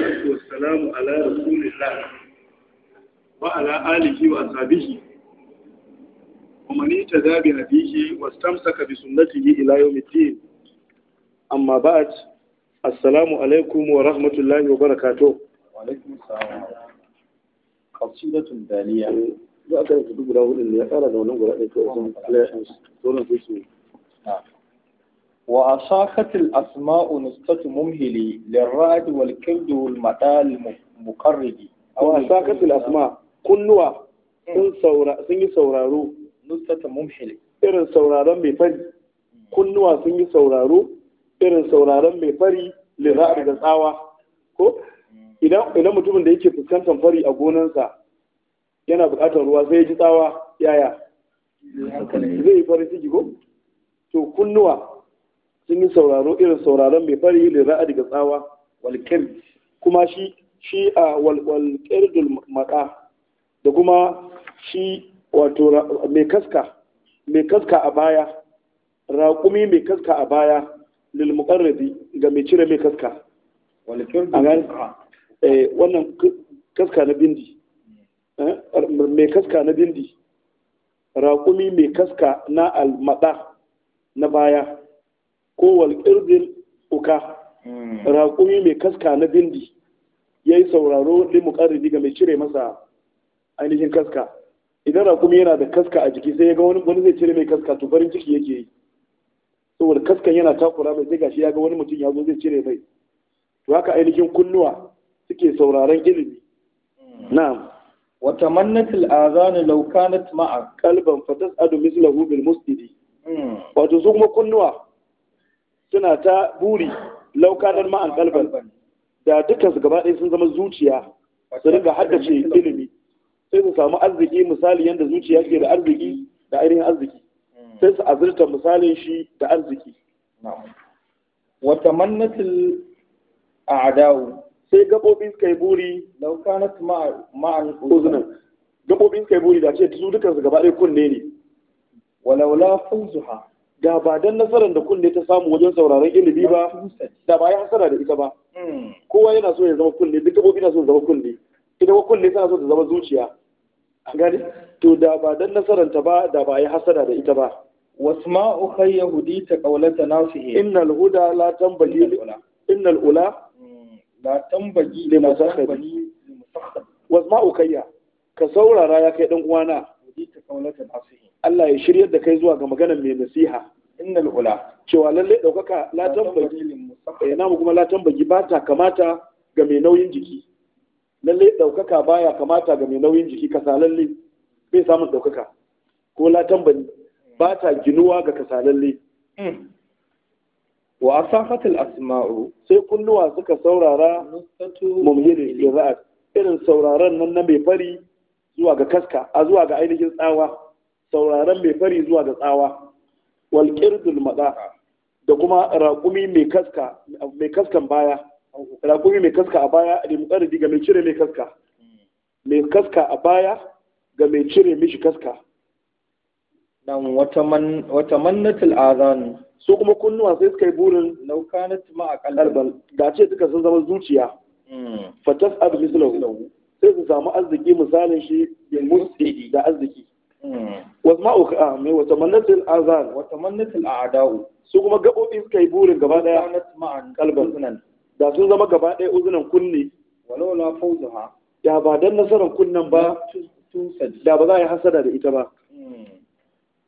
salatu wa salamu ala rasulillah wa ala alihi wa ashabihi wa man ittaba bi hadihi wa istamsaka bi sunnatihi ila yawmiddin amma ba'd assalamu alaikum wa rahmatullahi wa barakatuh wa alaikum assalam qasidatun daniya za ka guda ne ya fara da wannan guda ɗaya ko sun dole su وأصاخت الأسماء نسخة ممهلة للرعد والكبد والمدال المقرد وأصاخت الأسماء كلها sun saura sun yi sauraro irin sauraron mai fari irin sauraron mai fari ko idan mutumin da yake fuskantar fari a gonansa yana buƙatar ruwa sai ya ji tsawa yaya zai yi farin ciki ko to kunnuwa sun yi sauraro irin sauraron mai fari da ra'a daga tsawa walƙir kuma shi shi a walƙirdul maƙa da kuma shi wato mai kaska mai kaska a baya raƙumi mai kaska a baya lil muqarrabi ga mai cire mai kaska eh, wannan kaska na bindi eh, mai kaska na bindi raƙumi mai kaska na al-maɗa na baya ko walƙirdin uka hmm. raƙumi mai kaska na bindi ya yi sauraro limuƙarri ga mai cire masa ainihin kaska idan raƙumi yana da kaska a jiki sai ya ga wani zai cire mai kaska to farin ciki yake yi saboda kaskan yana takura mai sai gashi ya ga wani mutum ya zo zai cire mai to haka ainihin kunnuwa suke sauraron ilimi hmm. na'am wa tamannatil azan law kanat ma'a qalban fatas'adu mislahu bil musdidi hmm. wato su kuma kunnuwa suna ta buri laukanar ma'an kalban da dukkan su gaba ɗaya sun zama zuciya su ringa haddace ilimi sai su samu arziki misali yadda zuciya ke da arziki da ainihin arziki sai su azurta misalin shi da arziki wata mannatin a adawu sai gaɓoɓi suka yi buri laukanat ma'an kuzunan. Gaɓoɓi suka yi buri da ce su dukkan su gaba ɗaya kunne ne walaula zuha. da ba dan nasarar da kunne ta samu wajen sauraron ilimi ba da ba ya hasara da ita ba hmm. kowa yana so ya zama kunne duk gabobi na so ya zama kunne ita ko kunne tana so ta zama zuciya gani to da ba dan nasarar ta ba da ba ya hasara da ita ba wasma'u yahudi ta qaulata nasihi innal huda la tambali innal ula hmm. la tambagi da musakhari wasma'u kayya ka saurara ya kai dan uwana ta qaulata nasihi Allah ya shiryar da kai zuwa ga maganar mai nasiha innal ula cewa lalle daukaka la tambagi yana mu eh, kuma la tambagi ba ta kamata ga mai nauyin jiki lalle daukaka baya kamata ga mai nauyin jiki kasalalle bai samu daukaka ko la tambani ba ta ginuwa ga kasalalle mm. wa asafatul asma'u sai kunnuwa suka saurara mumhiri lira'at irin sauraron nan na mai fari zuwa ga kaska a zuwa ga ainihin tsawa sauraron mai fari zuwa da tsawa walƙirdul qirdul da kuma raƙumi mai kaska kaskan baya raƙumi mai kaska a baya da ga mai cire mai kaska mai kaska a baya ga mai cire mishi kaska dan wata mannatul azan su kuma kunnuwa sai suka yi burin na tuma a kalbal da ce suka san zama zuciya hmm. fatas abu mislahu sai su samu arziki misalin shi bil musdi da arziki Wasu ka ah, mai wa azar? azan wa a a'da'u su kuma gabobi suka yi burin gaba daya ma'an kalbar sunan da sun zama gaba daya uzunan kunni walola la ha da ba dan nasarar kunnan ba da ba za a yi hasada da ita ba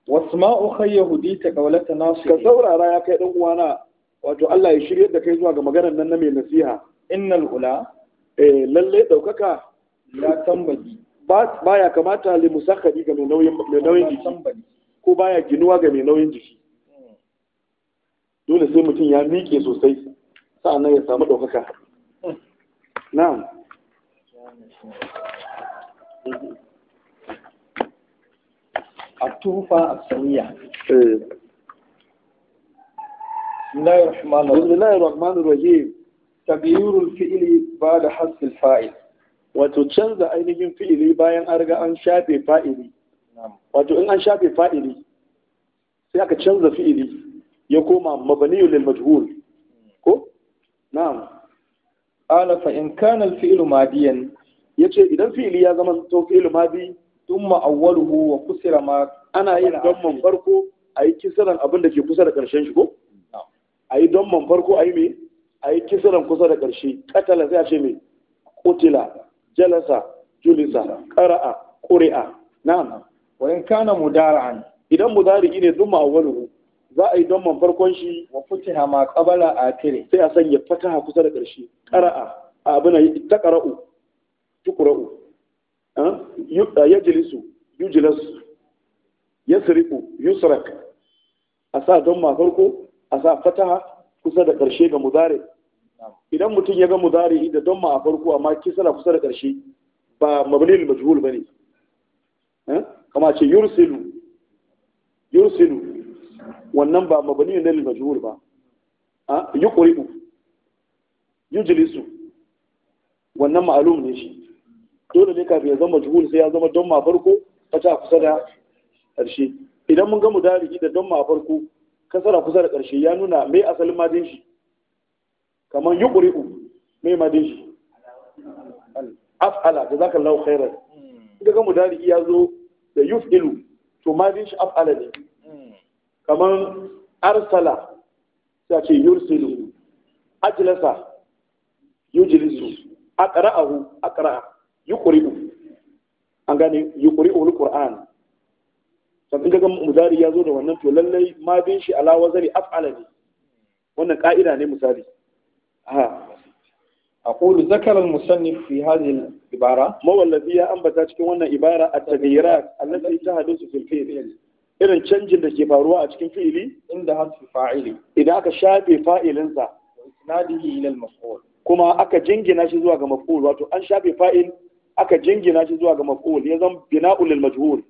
Wasu hmm. wasma'u yahudi ta kawalata nasu ka saurara ya kai ɗan uwana wato Allah ya shirya da kai zuwa ga maganar nan na mai nasiha innal ula eh lalle daukaka la tambaji ba ya kamata li musakhadi ga mai nauyin jiki ko baya ginuwa ga mai nauyin jiki dole sai mutum ya miƙe sosai sa'annan ya samu ɗaukaka na'am التوفة السمية بسم الله الرحمن الرحيم تغيير الفعل بعد حذف الفاعل wato canza ainihin fi'ili bayan an riga an shafe fa'ili wato in an shafe fa'ili sai aka canza fi'ili ya koma mabaniyu lil majhul ko na'am ala fa in kana al fi'lu madiyan yace idan fi'ili ya zama to fi'lu madi thumma awwaluhu wa kusira ma ana yin damman farko ayi kisaran abin da ke kusa da karshen shi ko ayi damman farko ayi me ayi kisaran kusa da karshe katala sai a ce me kutila jalasa julisa qara'a quri'a na'am wa in kana mudara'an idan mudari'i ne zuma awwaluhu za a yi don man farkon shi wa futiha ma qabala akhiri sai a sanya fataha kusa da ƙarshe qara'a abuna taqra'u tuqra'u yajlisu yujlas yasriqu yusrak a sa don ma farko a sa fataha kusa da ƙarshe ga mudari idan mutum ya ga mudari da don ma a farko amma kisra kusa da ƙarshe ba mabalil majhul ba ne eh? kama ce yursilu yursilu wannan ba mabalil na majhul ba a ah, yi yujlisu wannan ma'alum ne shi dole ne kafin ya zama majhul sai ya zama don ma farko fata kusa da ƙarshe idan mun ga mudari da don ma farko kasara kusa da ƙarshe ya nuna mai asalin madin shi kamar yuqri'u me ma din shi af'ala khairar khairan hmm. kaga mudari ya zo da yuf'ilu to ma din shi af'ala ne hmm. kamar arsala ta ce yursilu ajlasa a aqra'ahu yi ƙuri'u an gane ƙuri'u wani ƙura'an in ga mudari ya zo da wannan to lallai ma bin shi ala wazari af'ala ne wannan ka'ida ne misali أقول ذكر المصنف في هذه العبارة ما هو الذي أنبت cikin wannan ibara a taghayyurat allati tahdathu fil fi'l irin canjin da ke faruwa a cikin fili? inda hasfi fa'ili idan aka shafe fa'ilinsa, sa isnadihi ila nan maful kuma aka jingina shi zuwa ga maf'ul wato an shafe fa'il aka jingina shi zuwa ga maf'ul ya zama bina'ul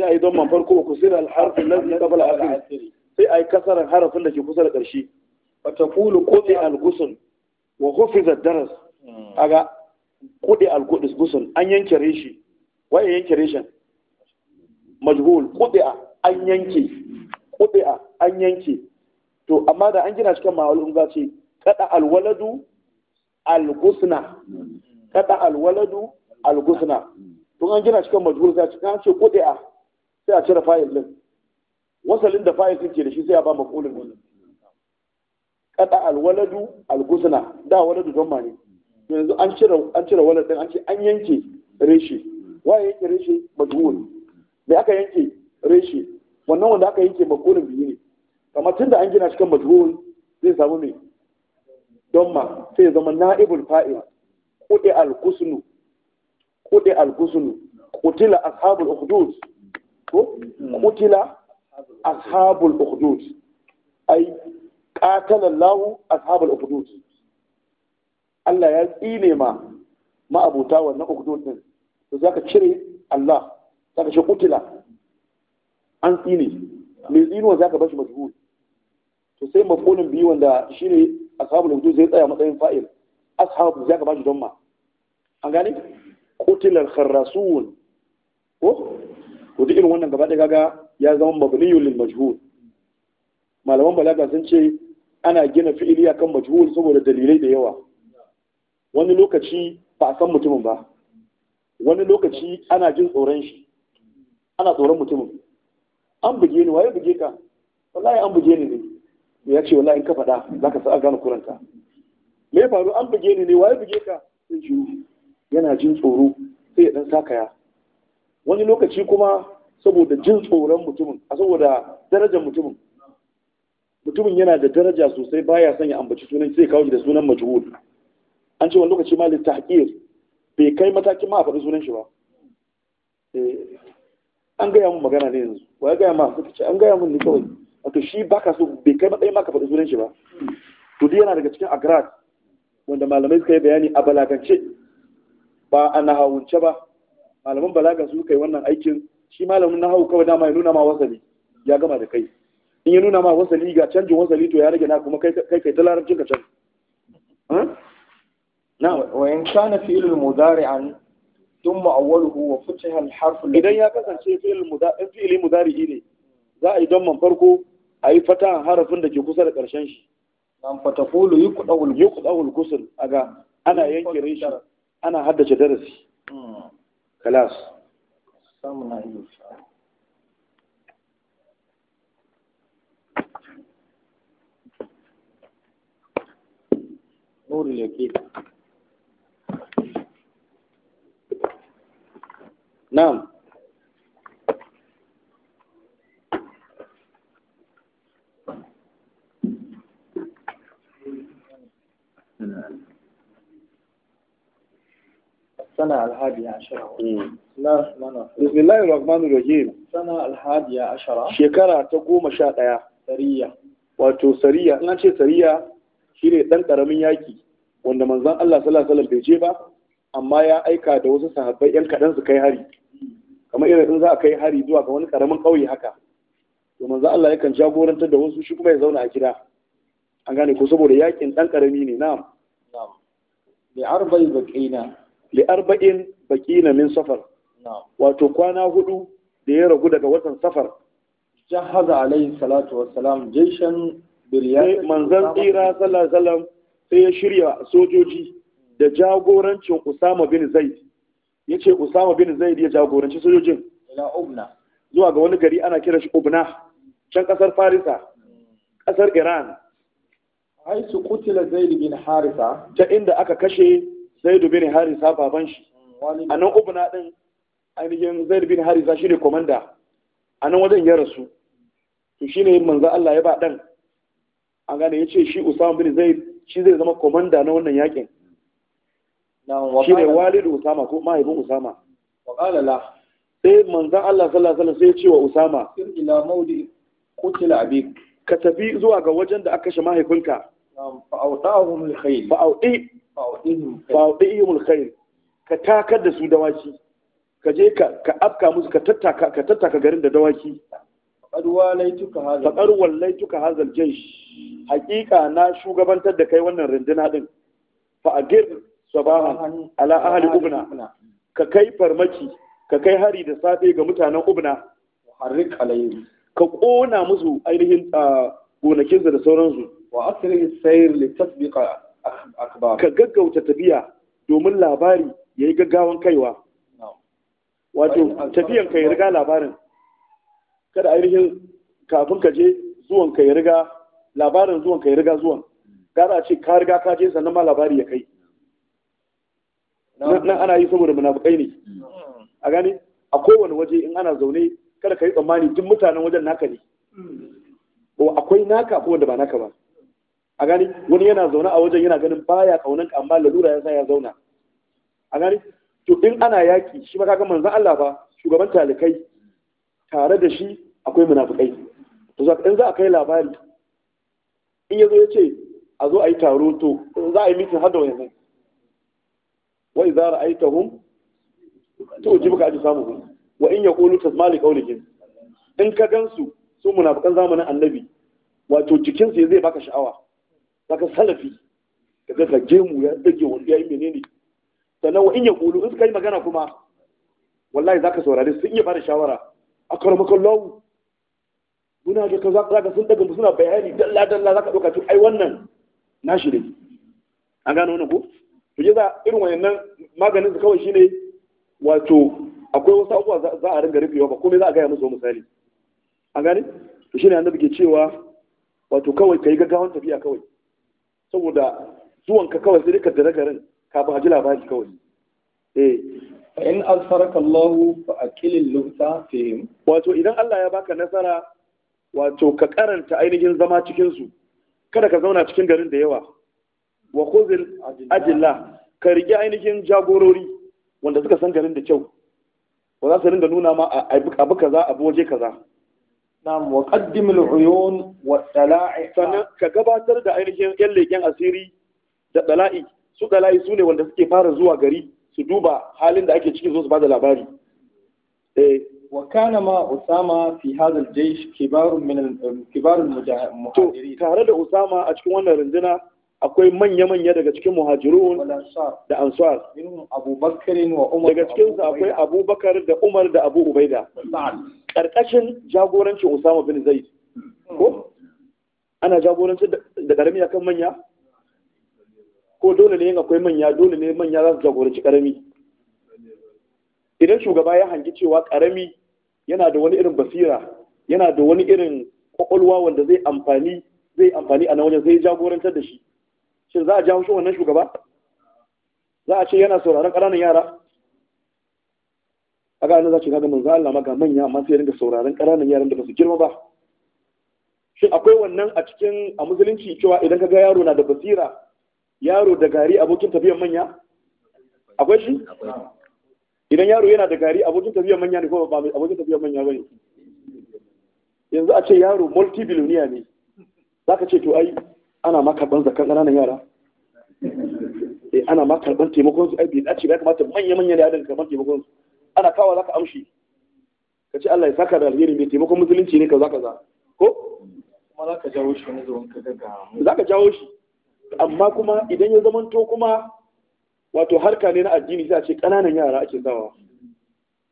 sai a yi don farko Ku sai alharfin zai kafa alharfin sai a yi kasarar harafin da ke kusa da ƙarshe fa taqulu qudi al algusun wa hufiza daras hmm. a ga al algusun an yanke reshi waye yanke reshen majhul a, an yanke a, an yanke to amma da an gina cikin ma'alum za ce kada alwaladu al Kaɗa kada alwaladu al Tun an gina cikin majhul za ce kan ce a. sai a cire fayil din wasalin da fayil suke da shi sai a ba makulin din kada alwaladu algusna da waladu don mani yanzu an cire an cire walad din an ce an yanke reshe waye yanke reshe majhul da aka yanke reshe wannan wanda aka yanke makulin biyu ne kamar tunda an gina shi kan majhul zai samu me don ma sai ya zama na'ibul fa'il kudi al kudi al kutila ashabul ukhdud ko kutila ashabul ukhdud ay qatala Allah ashabul ukhdud Allah ya tsine ma ma'abuta wannan ukhdud din to zaka cire Allah zaka ce kutila an tsine me tsinuwa zaka bashi majhul to sai mafulin biyu wanda shine ashabul ukhdud zai tsaya matsayin fa'il ashab zaka bashi don ma an gane kutilar kharrasun ko to duk irin wannan gaba da gaga ya zama mabniyun lil majhul malaman balaga sun ce ana gina fi'ili akan majhul saboda dalilai da yawa wani lokaci ba a san mutumin ba wani lokaci ana jin tsoron shi ana tsoron mutumin an buge ni waye buge ka wallahi an buge ni ne ya ce wallahi in ka faɗa za ka sa gane kuranta me faru an buge ni ne waye buge ka sai yana jin tsoro sai ya dan sakaya wani lokaci kuma saboda jin tsoron mutumin a saboda darajar mutumin mutumin yana da daraja sosai baya son ya ambaci sunan sai kawo da sunan majhul an ce wani lokaci ma tahqir bai kai matakin ma a faɗi sunan shi ba eh, an gaya mun magana ne yanzu wa ya gaya ma suka ce an gaya mun ne kawai wato shi baka so bai kai matsayin ma ka faɗi sunan shi ba to duk yana daga cikin agrat wanda malamai suka yi bayani a balagance ba a nahawunce ba malaman balaga su kai wannan aikin shi malamin na hau kawai dama ya nuna ma wasali ya gama da kai in ya nuna ma wasali ga canjin wasali to ya rage na kuma kai kai ta larabcin ka can na wa in kana fi'il mudari'an thumma awwaluhu wa futiha al-harf idan ya kasance fi'il mudari fi'il mudari'i ne za a yi don man farko a yi fata harafin da ke kusa da ƙarshen shi nan fatakulu yuqdawul yuqdawul kusul aga ana yanke shi. ana haddace darasi hmm. خلاص سامنا نور اليقين نعم Thank you. سنة الهادية عشرة بسم الله الرحمن الرحيم سنة الهادية عشرة شكرا تقوم شاقيا سرية wato sariya ina ce sariya shine ɗan ƙaramin yaƙi wanda manzon Allah sallallahu alaihi wasallam bai je ba amma ya aika da wasu sahabbai yan kaɗan su kai hari kamar irin in za a kai hari zuwa ga wani karamin ƙauye haka to manzon Allah yakan jagorantar da wasu shi kuma ya zauna a gida an gane ko saboda yakin dan karami ne na'am na'am bi arba'i baqina li arba'in baqina min safar wato kwana hudu da ya ragu daga watan safar jahaza alaihi salatu Salam jaishan biriyat manzan tsira sallallahu alaihi sai ya shirya sojoji da jagorancin Usama bin Zaid yace Usama bin Zaid ya jagoranci sojojin ila Ubna zuwa ga wani gari ana kira shi Ubna can kasar Farisa kasar Iran haisu kutila Zaid bin Harisa ta inda aka kashe zaidu bin harisa baban shi a nan ubna din ainihin zaidu bin harisa shine komanda a nan wajen ya rasu to shine manzo Allah ya ba dan an gane ya ce shi Usama bin Zaid shi zai zama komanda na wannan yakin shi ne walidu Usama ko mahaifin Usama wa la sai manzo Allah sallallahu alaihi wasallam sai ya ce wa Usama ila maudi qutila abik ka tafi zuwa ga wajen da aka kashe mahaifinka fa'autahum alkhair fa'auti alkhair ka takar da su dawaki ka je ka afka musu ka tattaka garin da dawaki na shugabantar da kai wannan runduna din fa agir ka kai farmaki ka kai hari da safe ga mutanen ubna ka ƙona musu ainihin ah, gonakinsu da sauransu wa asrihi sayr li tasbiqa akbar ka gaggauta tafiya domin labari ya yi gaggawan kaiwa wato tafiyan ka ya riga labarin kada yi rikin kafin ka je zuwan ka ya riga labarin zuwan ka ya riga zuwan gara a ce ka riga ka je sannan ma labari ya kai nan ana yi saboda munafukai ne a gani a kowane waje in ana zaune kada ka yi tsammani duk mutanen wajen naka ne hmm. akwai naka ko wanda ba naka ba a gani wani yana zaune a wajen yana ganin baya kaunan ka amma lalura ya sa ya zauna a gani to in ana yaki shi ba kaga manzon Allah ba shugaban talikai tare da shi akwai munafikai to in za a kai labari in yazo ya ce a zo a yi taro to za a yi mitin har da wani wa idza ra'aytahum to samu ajsamuhum wa in yaqulu tasmali qawlihim in ka gansu su munafikan zamanin annabi wato jikinsu zai baka sha'awa saka salafi ga ka gemu ya dage wanda yayi menene sannan wa in ya kulu in suka yi magana kuma wallahi zaka saurare in iya bada shawara akaramaka Allah muna ga kaza kaza sun daga suna bayani dalla dalla zaka doka to ai wannan nashi ne an gano wannan ko to za irin wayannan maganin su kawai shine wato akwai wasu abubuwa za a ringa rufewa ba komai za a gaya musu misali an gane to shine annabi ke cewa wato kawai kai gaggawan tafiya kawai saboda zuwanka kawai sai ka dare garin kafin a ji labari kawai eh in asaraka Allah fa aqilil lubta fihim wato idan Allah ya baka nasara wato ka karanta ainihin zama cikin su kada ka zauna cikin garin da yawa wa khuzil ajilla ka rike ainihin jagorori wanda suka san garin da kyau ba za su ringa nuna ma a abu kaza abu waje kaza Na'am wa qaddimul uyun wa dala'i sannan ka gabatar da ainihin yan leken asiri da dala'i su dala'i su ne wanda suke fara zuwa gari su duba halin da ake ciki su ba da labari eh wa kana ma usama fi hadha al-jaysh kibarun min kibarul muhajirin tare da usama a cikin wannan rundunar akwai manya-manya daga cikin muhajirun da ansar daga cikinsu akwai abubakar da umar da abu ubaida karkashin jagorancin Usama bin Zaid ko ana jagoranci da karami akan manya ko dole ne yin akwai manya dole ne manya za su jagoranci karami idan shugaba ya hangi cewa karami yana da wani irin basira yana da wani irin kwakwalwa wanda zai amfani zai amfani a nan zai jagorantar da shi shin za a jawo shi wannan shugaba za a ce yana sauraron ƙananan yara kaga za zace kaga manzo Allah ma ga manya amma sai ringa sauraron ƙananan yaran da basu girma ba shin akwai wannan a cikin a musulunci cewa idan kaga yaro na da basira yaro da gari abokin tafiyan manya akwai shi idan yaro yana da gari abokin tafiyan manya ne ko ba abokin tafiyan manya bane yanzu a ce yaro multi billionaire ne zaka ce to ai ana ma karban zakan ƙananan yara eh ana ma karban taimakon su ai bai dace ba kamata manya manya ne a dinga karban taimakon su ana kawo zaka amshi ka ce Allah ya saka da alheri mai taimakon musulunci ne kaza kaza ko kuma zaka jawo shi wani zaman kaga zaka jawo shi amma kuma idan ya zamanto kuma wato harka ne na addini sai a ce ƙananan yara ake sawa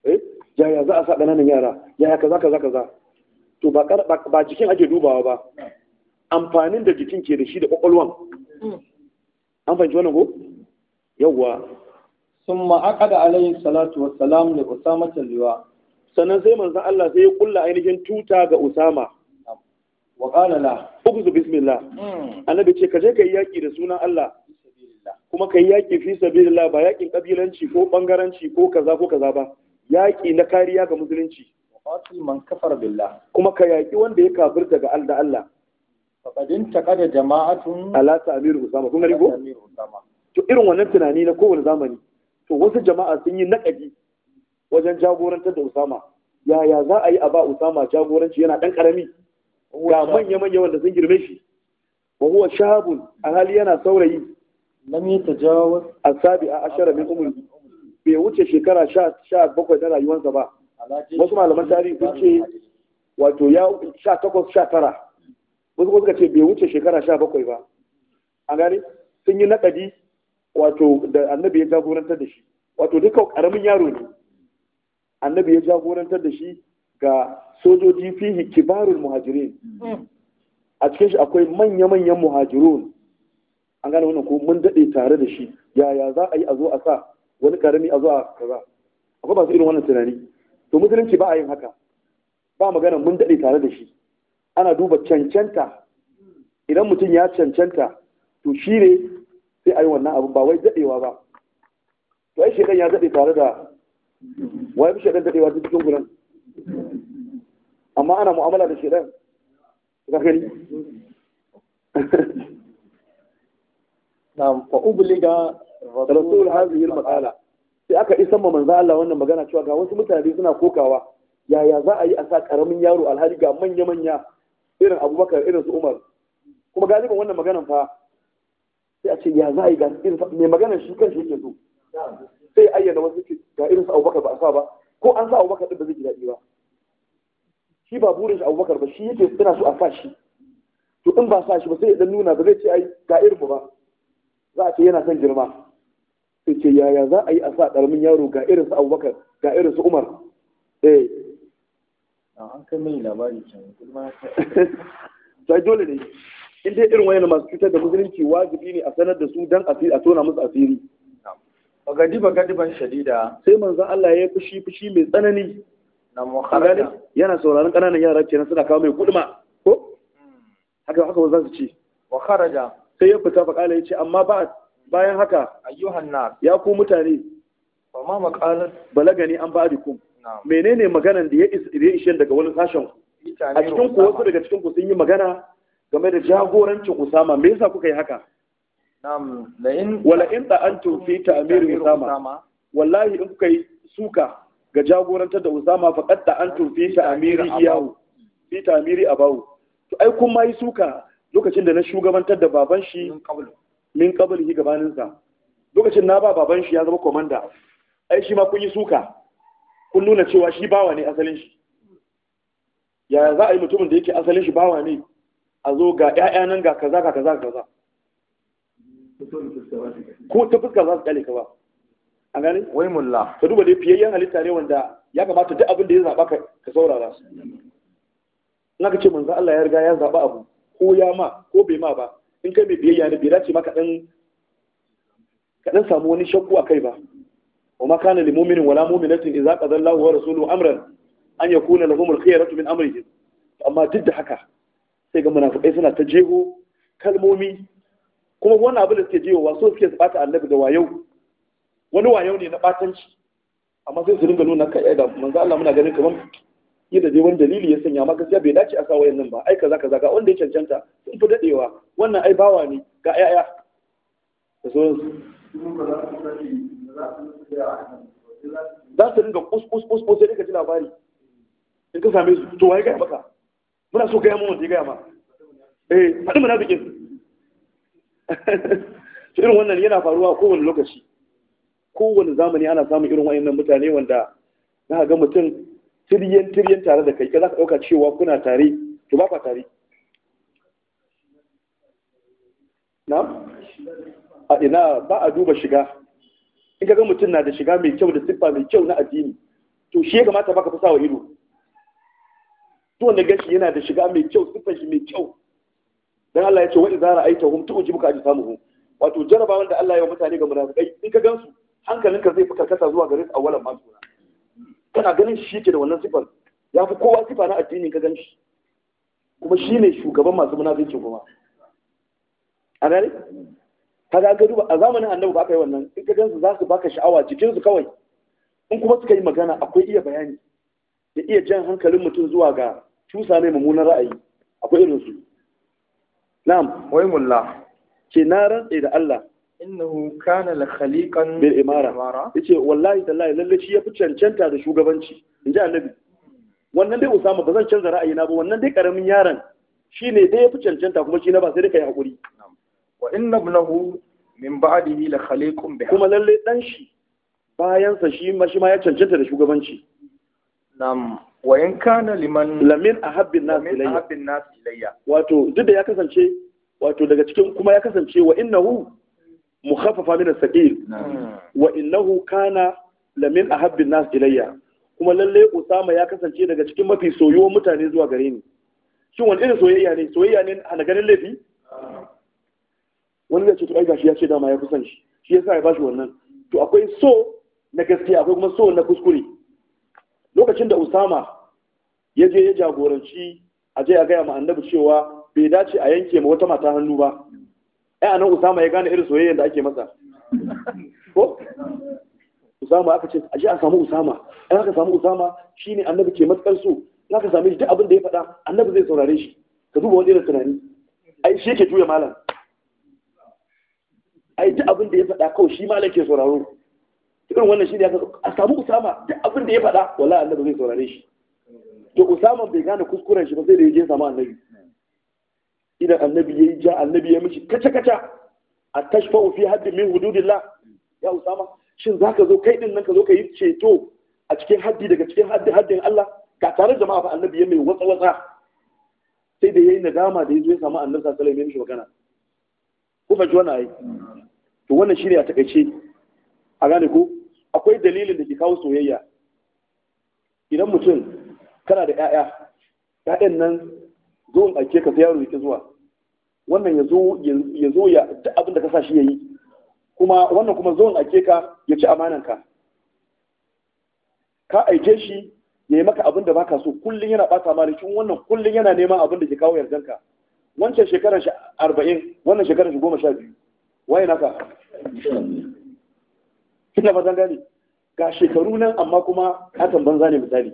eh yaya za a sa ƙananan yara yaya kaza kaza kaza to ba ba jikin ake dubawa ba amfanin da jikin ke da shi da kwakwalwan mm. an fahimci wannan ko yawwa ثم أقعد عليه الصلاة والسلام لأسامة اللواء sannan sai manzon Allah sai ya kulla ainihin tuta ga Usama wa qala la ukhudhu bismillah hmm. annabi ce ka je kai yaki da sunan Allah kuma kai yaki fi sabilillah ba yakin kabilanci ko bangaranci ko kaza ko kaza ba yaki na kariya ga musulunci qatil man kafara billah kuma ka yaki wanda ya kafirta ga Allah Allah faqadin taqada jama'atun ala ta'mir Usama kun gari ko to irin wannan tunani na kowane zamani to wasu jama'a sun yi naƙadi wajen jagorantar da Usama yaya za a yi a ba Usama jagoranci yana ɗan ƙarami ga manya-manya wanda sun girme shi wa huwa shahabun hali yana saurayi lam yatajawaz asabi a ashara min umri bai wuce shekara sha bakwai na rayuwarsa ba wasu malaman tarihi sun ce wato ya sha takwas sha tara wasu kuma suka ce bai wuce shekara sha bakwai ba a gani sun yi naƙadi wato da annabi ya jagorantar da shi wato duka karamin yaro ne annabi ya jagorantar da shi ga sojoji fihi kibarul muhajirin mm. a cikin shi akwai manya-manyan muhajirun an gane wannan ko mun daɗe tare da shi yaya za a yi a zo a sa wani karami a zo a kaza akwai masu irin wannan tunani to musulunci ba a yin haka ba magana mun daɗe tare da shi ana duba cancanta idan mutum ya cancanta to shi ne sai a yi wannan abin ba wai daɗewa ba to ai shekan ya daɗe tare da wai bi shekan daɗewa ta cikin gudan amma ana mu'amala da shekan ka gani na'am fa ubliga rasul hadhihi al-maqala sai aka isa ma manzo Allah wannan magana cewa ga wasu mutane suna kokawa yaya za a yi a sa karamin yaro alhali ga manya-manya irin abubakar irin su umar kuma galibin wannan maganan fa sai a ce ya za a yi ga irin mai magana shi kan shi yake so sai ayyana wasu ce ga irin abubakar ba a sa ba ko an sa abubakar din da zai ji daɗi ba shi ba burin shi abubakar ba shi yake suna so a sa shi to in ba sa shi ba sai ya dan nuna ba zai ce ai ga irin ba za a ce yana son girma sai ce yaya za a yi a sa ƙaramin yaro ga irin abubakar ga irin su umar eh an kai mai labari can kuma ta dole ne in dai irin wani masu cutar da musulunci wajibi ne a sanar da su dan a tona musu asiri wa gadiba ban shadida sai manzon Allah ya fushi fushi mai tsanani na muharrada yana sauraron ƙananan yara kenan suna kawo mai guduma ko hmm. haka haka ba za su ci wa kharaja sai ya fita fa ya ce, amma ba bayan haka ayyuhan nas ya ku mutane Ba ma maqalat balagani an ba'dikum menene maganan da ya ishe daga wani sashen a cikin ku wasu daga cikin ku sun yi magana game da jagorancin Usama me yasa kuka yi haka na'am la in wala in ta antum fi ta'mir Usama wallahi in kuka yi suka ga jagorantar da Usama fa da antum fi ta'mir iyahu fi ta'mir abahu to ai kun ma yi suka lokacin da na shugabantar da baban shi min qabli gabanin sa lokacin na ba baban shi ya zama komanda ai shi ma kun yi suka kun nuna cewa shi bawa ne asalin shi yaya za a yi mutumin da yake asalin shi bawa ne a zo ga 'ya'ya nan ga kaza ka kaza kaza ko ta fuska za su kyale ka ba A gani? wai mulla ka duba dai fiyayyen halitta ne wanda ya kamata duk abin da ya zaba ka saurara su na ka ce manzo Allah ya riga ya zaba abu ko ya ma ko bai ma ba in kai mai biyayya ne bai dace maka ka ɗan samu wani shakku a kai ba wa ma kana lil mu'minin wala mu'minatin idza qada Allahu wa rasuluhu amran an yakuna lahumul khiyaratu min amrihim amma duk da haka sai ga munafukai suna ta jeho kalmomi kuma wani abu da suke jehowa so suke su bata annabi da wayau wani wayau ne na batanci amma sai su dinga nuna kai da eh, manzo Allah muna ganin kamar yadda dai wani dalili ya sanya amma gaskiya bai dace a sa wayannan ba ai kaza kaza ga wanda ya cancanta sun fi dadewa wannan ai bawa ne ga yaya da sauransu za su dinga kus kus kus sai ka ji labari in ka same su to wai ga maka muna so gaya mun wanda ya gaya ma eh faɗi bikin to irin wannan yana faruwa kowane lokaci kowane zamani ana samun irin wayannan mutane wanda za ga mutum tiryan tiryan tare da kai ka za ka ɗauka cewa kuna tare to ba ka tare na a ina ba a duba shiga in ka ga mutum na da shiga mai kyau da siffa mai kyau na addini to shi ya kamata baka fi sawa ido to na gashi yana da shiga mai kyau sifan shi mai kyau dan Allah ya ce wa idza ra'aytahum tu'jibuka ajsamuhum wato jaraba wanda Allah ya wa mutane ga munafikai in ka gansu hankalinka zai fi karkata zuwa gare su awalan ma suna kana ganin shi yake da wannan sifar ya fi kowa sifa na addini ka shi. kuma shi ne shugaban masu munafiki kuma a gare ka ga duba a zamanin annabi ba ka yi wannan in ka gansu za su baka sha'awa cikin su kawai in kuma suka yi magana akwai iya bayani da iya jan hankalin mutum zuwa ga Tusa ne mummunan ra'ayi akwai irin su na'am wai mulla ce na rantse da Allah innahu kana la khaliqan bil imara yace wallahi tallahi lalle shi yafi cancanta da shugabanci inji annabi wannan dai Usama ba zan canza ra'ayina ba wannan dai karamin yaron shine dai yafi cancanta kuma shi na ba sai dai kai hakuri wa inna ibnahu min ba'dihi la khaliqun bi kuma lalle dan shi bayan sa shi ma shi ma ya cancanta da shugabanci na'am wa kana liman lamin ahabbin nas ilayya ahabbin nas ilayya wato duk da ya kasance wato daga cikin kuma ya kasance wa innahu mukhaffafa min as-saqil hmm. wa innahu kana lamin ahabbin nas ilayya kuma lalle Usama ya kasance daga cikin mafi soyuwar mutane zuwa gare ni shin wani irin soyayya ne soyayya ne a ganin laifi wani zai ce to ai gashi ya ce dama ya fi son shi shi yasa ya bashi wannan to akwai so na gaskiya akwai kuma so na kuskure lokacin da usama ya je ya jagoranci a je a gaya ma annabi cewa bai dace a yanke ma wata mata hannu ba ai anan usama ya gane irin soyayyar da ake masa ko usama aka ce aje a samu usama in aka samu usama shine annabi ke matsar so in aka same shi duk abin da ya faɗa annabi zai saurare shi ka duba wani irin tunani ai shi yake juya malam ai duk abin da ya faɗa kawai shi malam ke sauraro irin wannan shi ne a samu usama duk abin da ya faɗa Wala annabi zai saurare shi to usama bai gane kuskuren shi ba sai da ya je samu annabi idan annabi ya yi ja annabi ya mishi kaca kaca a tashfa fi haddin min hududillah ya usama shin zaka zo kai din nan ka zo ka yi ceto a cikin haddi daga cikin haddi haddin Allah ka tare jama'a fa annabi ya mai watsa watsa sai da yayi nadama da yazo ya samu annabi sallallahu alaihi wasallam ya mishi magana ku fa wani wannan ai to wannan ne a takaice a gane ko akwai dalilin da ke kawo soyayya idan mutum kana da 'ya'ya 'ya'yan nan zo in aike ka sayar yaro yake zuwa wannan ya zo ya zo ya duk abin da ka sa shi yayi kuma wannan kuma zo in aike ka ya ci amanan ka ka aike shi ya yi maka abin da baka so kullum yana bata ma rikin wannan kullum yana neman abin da ke kawo yardan ka wancan shekarar 40 arba'in wannan shekarar 12 goma sha biyu waye naka ina ba gane ga shekaru nan amma kuma hakan banza ne misali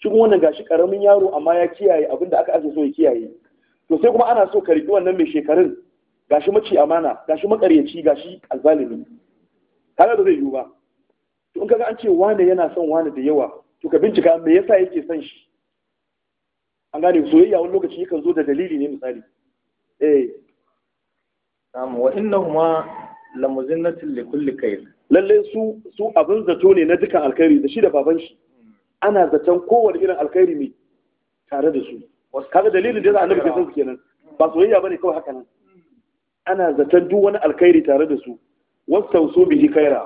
shi kuma wannan gashi karamin yaro amma ya kiyaye abin da aka ake so ya kiyaye to sai kuma ana so ka riƙi wannan mai shekarun gashi mace amana gashi makaryaci gashi alzalimi kaga da zai yiwu ba to in kaga an ce wane yana son wane da yawa to ka bincika me yasa yake son shi an gane soyayya wani lokaci yakan zo da dalili ne misali eh am wa innahuma lamuzinnatin kulli kayl lalle su su abin zato ne na dukan alkhairi da shi da baban shi ana zaton kowane irin alkhairi ne tare da su kaga dalilin da yasa annabi ke son su kenan ba soyayya bane kawai haka nan ana zaton duk wani alkhairi tare da su wastausu bihi khaira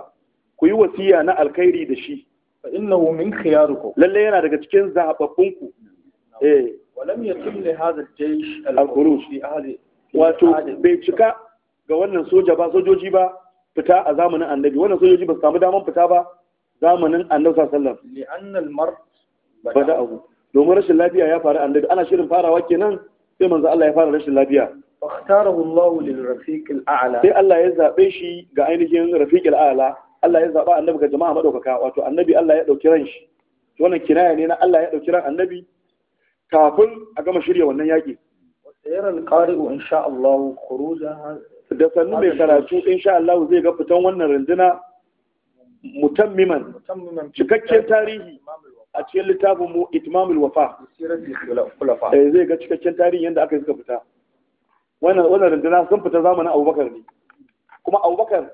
ku yi wasiya na alkhairi da shi fa innahu min khiyarukum lalle yana daga cikin zababbun ku eh walam yatim li hadha al-jaysh al-khuruj fi ahli wato bai cika ga wannan soja ba sojoji ba fita a zamanin annabi wannan sojoji ba su samu daman fita ba zamanin annabi sallallahu alaihi wasallam domin rashin lafiya ya faru annabi ana shirin farawa kenan sai manzo Allah ya fara rashin lafiya fakhtarahu Allah lil rafiq a'la sai Allah ya zabe shi ga ainihin rafiq a'la Allah ya zaba annabi ga jama'a madaukaka wato annabi Allah ya dauki ran shi wannan kinaya ne na Allah ya dauki ran annabi kafin a gama shirya wannan yaki sayar al qari'u insha Allah khuruja da sannu mai karatu insha Allah zai ga fitan wannan runduna mutammiman cikakken tarihi a cikin littafin mu itmamul wafa eh zai ga cikakken tarihi yadda aka yi suka fita wannan wannan runduna sun fita zamanin Abubakar ne kuma Abubakar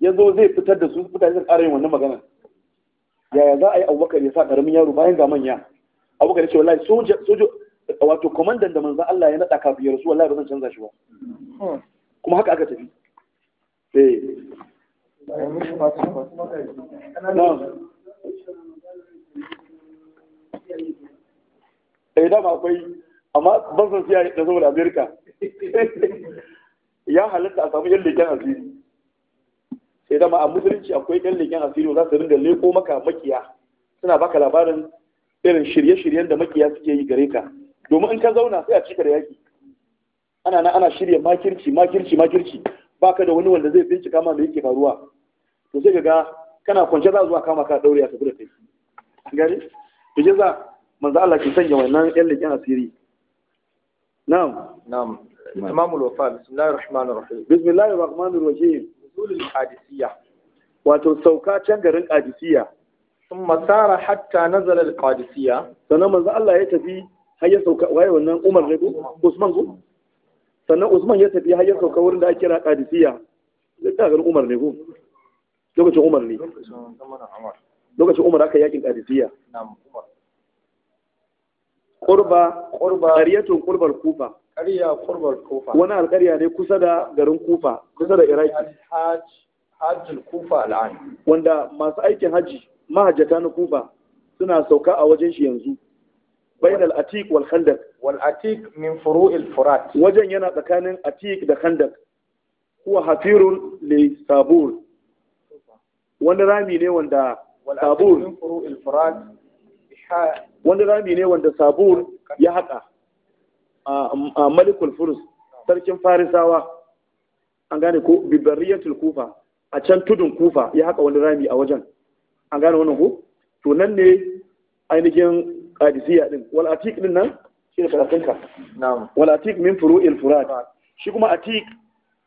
ya zo zai fitar da su fita sun ƙara yin wannan magana yaya za a yi Abubakar ya sa ƙaramin yaro bayan ga manya Abubakar ya ce wallahi soja soja wato komandan da manzon Allah ya naɗa kafin ya rasu wallahi ba zan canza shi ba hmm. kuma haka aka tafi eh eh dama akwai amma ban san siya da saboda amerika ya halatta a samu yan leken asiri sai dama a musulunci akwai yan leken asiri za su ringa leko maka makiya suna baka labarin irin shirye-shiryen da makiya suke yi gare ka domin in ka zauna sai a cika da yaki ana na ana shirya makirci makirci makirci baka da wani wanda zai bincika ma me yake faruwa to sai ga kana kwance za zuwa kama ka daure a tafi da kai gari to jaza manzo Allah ke sanya wannan yan leƙen asiri na'am na'am imam al-wafa bismillahir rahmanir rahim bismillahir rahmanir rahim nuzul al wato sauka can garin qadisiya sun masara hatta nazala al qadisiya sannan manzo Allah ya tafi har ya sauka waye wannan Umar ne ko Usman ko sannan Usman ya tafi har ya sauka wurin da ake kira Qadisiyya da ta garin Umar ne ko lokacin Umar ne lokacin Umar aka yakin Qadisiyya qurba qurba qaryatun qurbal kufa qarya qurbal kufa wani alqarya ne kusa da garin kufa kusa da iraki hajj kufa al'an wanda masu aikin haji mahajjata na kufa suna sauka a wajen shi yanzu بين الأتيك والخندق والأتيك من فروع الفرات وجن ينا تكانن أتيك ده wani rami ne wanda sabur wani rami ne wanda sabur ya haƙa a malikul furus sarkin farisawa an bibariyatul kufa a can tudun kufa ya haƙa wani rami a wajen an ne ainihin qadisiyya din wal atiq din nan shi ne karatun ka na'am wal atiq min furu'il furat shi kuma atiq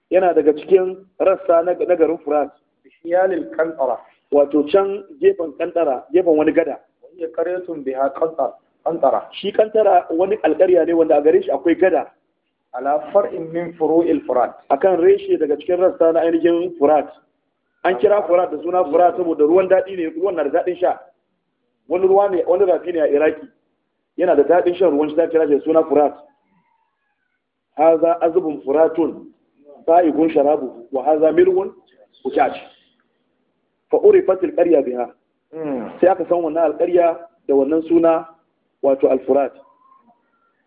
yana daga cikin rassa na garin furat shiyalil kantara wato can gefen kantara gefen wani gada wani karyatun biha kantara shi kantara wani alƙarya ne wanda a gare shi akwai gada ala far'in min furu'il furat akan reshe daga cikin rassa na ainihin furat an kira furat da suna furat saboda ruwan daɗi ne ruwan na da daɗin sha wani ruwa ne wani rafi ne a iraki yana da daɗin shan ruwan shi ta kira shi suna furat haza azubun furatun sa'igun sharabu wa haza mirwun hujaj fa urifat alqarya biha hmm. sai aka san wannan alƙarya da wannan suna wato alfurat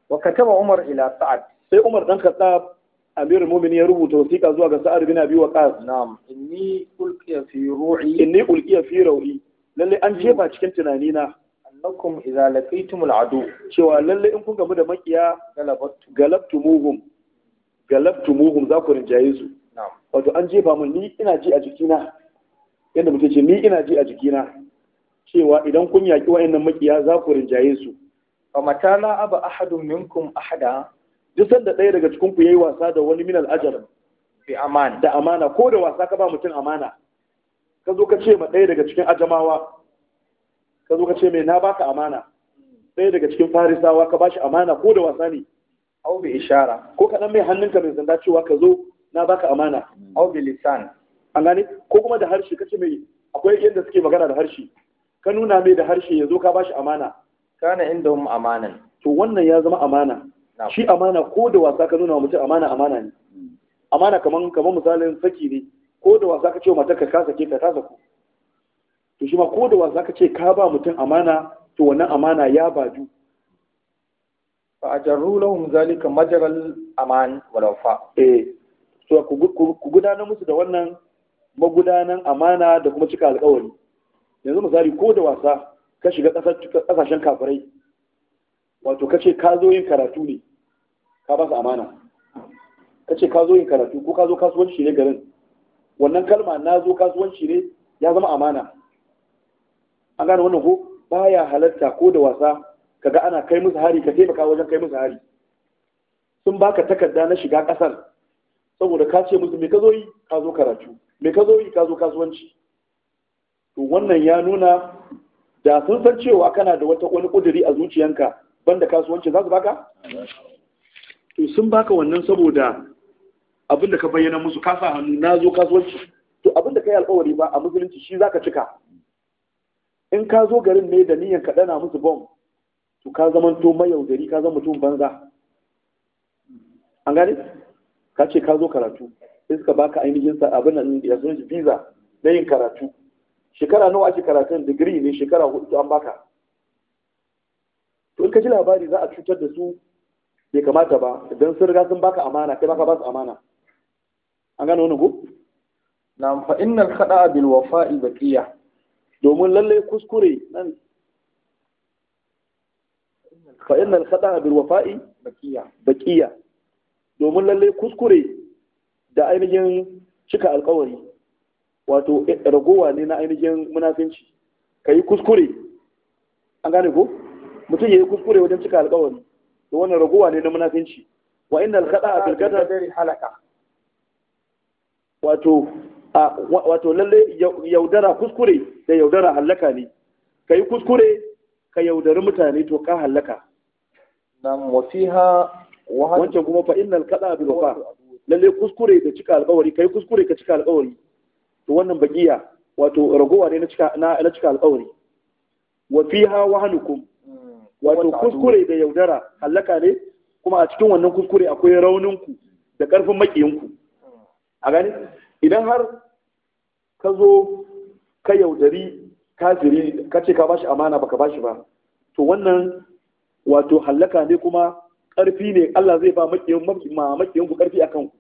wa ka taba umar ila sa'ad sai umar dan khattab amirul mu'minin ya rubuta wasiƙa zuwa ga sa'ad bin abi waqas na'am inni ulqiya fi ru'i inni ulqiya fi ru'i Lallai an jefa cikin tunani na annakum idza laqitumul adu cewa lallai in kun gamu da makiya galabtumuhum galabtumuhum za ku rinjaye su wato an jefa mun ni ina ji a jikina yadda mutum ce ni ina ji a jikina cewa idan kun yaƙi wa'annan makiya za ku rinjaye su fa mata aba ahadun minkum ahada duk sanda ɗaya daga cikin ku yayi wasa da wani min al'ajar bi amana da amana ko da wasa ka ba mutum amana ka zo ka ce ma ɗaya daga cikin ajamawa ka zo ka ce mai na baka amana ɗaya daga cikin farisawa ka bashi amana ko da wasa ne au bi ishara ko ka dan mai hannunka mai sanda cewa ka zo na baka amana au bi lisan an gane ko kuma da harshe ka ce mai akwai yadda suke magana da harshe ka nuna mai da harshe ya zo ka bashi amana kana inda hum amanan to wannan ya zama amana shi amana ko da wasa ka nuna wa mutum amana amana ne hmm. amana kaman kaman misalin saki ne ko da wasa ka ce wa matar ka ke ka ta ku? to shi ma ko da wasa ka ce ka ba mutum amana to wannan amana ya badu fa ajarru lahum zalika majral aman wal fa. eh to ku gudanar musu da wannan magudanan amana da kuma cika alƙawari yanzu misali ko da wasa ka shiga ƙasashen kafirai wato ka ce ka zo yin karatu ne ka ba su amana ka ce ka zo yin karatu ko ka zo kasuwanci ne garin wannan kalma na zo kasuwanci ne ya zama amana an gane wannan ko ya halarta ko da wasa Ka ga ana kai musu hari ka taimaka wajen kai musu hari sun baka takarda na shiga kasar saboda ka ce musu me ka zo yi ka zo karatu me ka zo yi ka zo kasuwanci to wannan ya nuna da sun san cewa kana da wata wani kuduri a zuciyanka banda kasuwanci za su baka to sun baka wannan saboda abin da ka bayyana musu ka sa hannu na zo kasuwanci to abin da ka yi alkawari ba a musulunci shi za ka cika in ka zo garin ne da niyan ka dana musu bom to ka zama to mayaudari ka zama mutum banza an gane ka ce ka zo karatu sai suka baka ainihin sa abin nan ya sunan visa na yin karatu shekara nawa ake karatun digiri ne shekara hudu an baka to in ka ji labari za a cutar da su bai kamata ba idan sun riga sun baka amana kai baka ba su amana an gane wani ko na fa innal khada'a bil wafa'i baqiya domin lallai kuskure nan fa innal khada'a bil wafa'i baqiya domin lallai kuskure da ainihin cika alkawari wato eh, ragowa ne na ainihin munafinci ka yi kuskure an gane ko mutum ya yi kuskure wajen cika alkawari da wannan ragowa ne na munafinci wa inna alkhada a bilgada wato wato lalle yaudara kuskure da yaudara hallaka ne ka yi kuskure ka yaudari mutane to ka hallaka nam wasiha wancan kuma fa innal kada bil wafa lalle kuskure da cika alƙawari kai kuskure ka cika alƙawari to wannan bagiya wato ragowa ne na cika na cika alƙawari wa fiha wahanukum wato kuskure da yaudara hallaka ne kuma a cikin wannan kuskure akwai rauninku da ƙarfin makiyinku a gani idan har ka zo ka yaudari kafiri ka ce ka bashi amana baka bashi ba to wannan wato hallaka ne kuma ƙarfi ne Allah zai ba makiyin ku ƙarfi akan ku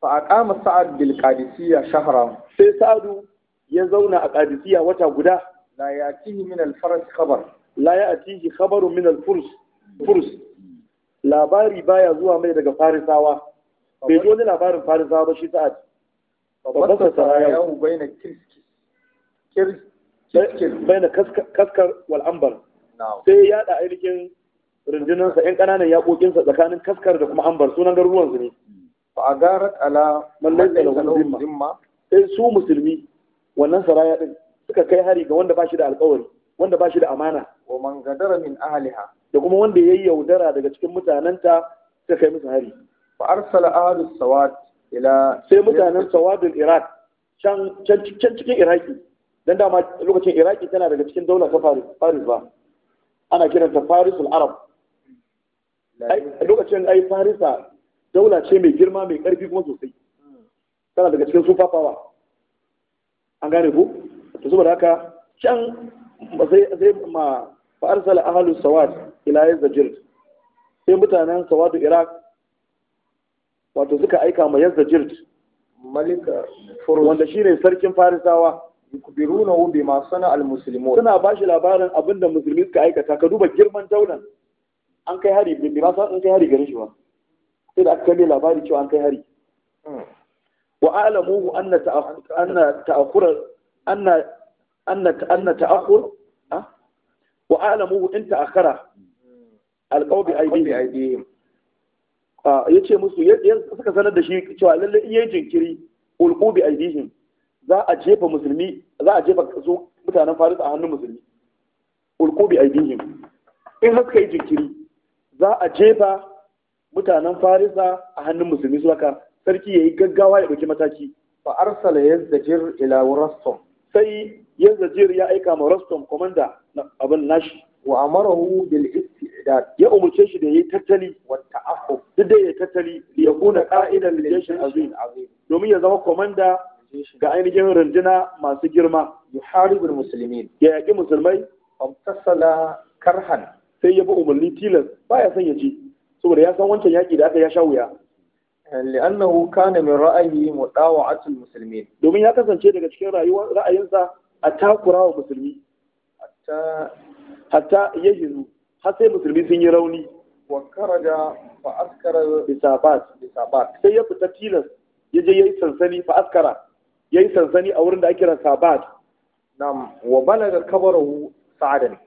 fa ƙama sa'ad bil qadisiyya shahra sai sa'adu ya zauna a qadisiyya wata guda la yatihi min al faras khabar la yatihi khabaru min al furs furs labari baya zuwa mai daga farisawa bai ji wani labarin farisa ba shi sa'ad babban sassara yau bai na bai na kaskar wal'ambar sai ya yada ainihin rundunansa yan ƙananan yaƙoƙinsa tsakanin kaskar da kuma ambar sunan garuruwansu ne fa a garar ala mallai tsalahun zimma sai su musulmi wannan saraya din suka kai hari ga wanda ba shi da alƙawari wanda ba shi da amana wa man gadara min ahliha da kuma wanda ya yaudara daga cikin mutanenta suka kai musu hari فارسل اهل السواد الى سي sai mutanen العراق iraq can cikin iraki dan dama lokacin iraki tana daga cikin daular ta faris faris ba ana kiranta al arab lokacin ai farisa daula ce mai girma mai karfi kuma sosai tana daga cikin super power an gane ku to saboda haka can sai ma farsal ahlus sawad ila yazjir sai mutanen sawad iraq wato suka aika ma yazda jirt malika furus wanda shine sarkin farisawa yukbirunahu bima sana al muslimun suna bashi labarin abinda musulmi suka aikata ka duba girman daular an kai hari bima sana an kai hari shi ba sai da aka kai labari cewa an kai hari hmm. wa a'lamuhu anna anna ta'akhura anna anna anna ta'akhur wa in ta'akhara hmm. aydihim ya ce musu suka sanar da shi cewa lallai iya jinkiri ulku bi aidihim za a jefa musulmi za a jefa su mutanen faris a hannun musulmi ulku bi aidihim in har suka yi jinkiri za a jefa mutanen faris a hannun musulmi su haka sarki ya yi gaggawa ya ɗauki mataki fa arsala yazdajir ila rastom sai yazdajir ya aika ma rastom komanda abin nashi wa amarahu bil istidad ya umurce shi da yayi tattali wa ta'affuf duk da yayi tattali li yakuna qa'idan lil jaysh azim domin ya zama komanda ga ainihin runduna masu girma al muslimin ya yaki musulmai amtasala karhan sai ya bi umarni tilas baya son ya ci saboda ya san wancan yaki da aka ya sha wuya لأنه كان من رأيه مطاوعة المسلمين domin ya kasance daga cikin ra'ayinsa a takura wa musulmi hatta yahizu har sai musulmi sun yi rauni wa karaja fa askara bisabat sai ya fita tilas ya je ya yi sansani fa'askara ya yi sansani a wurin da ake kira sabat nam wa balaga kabarahu Sa'adani,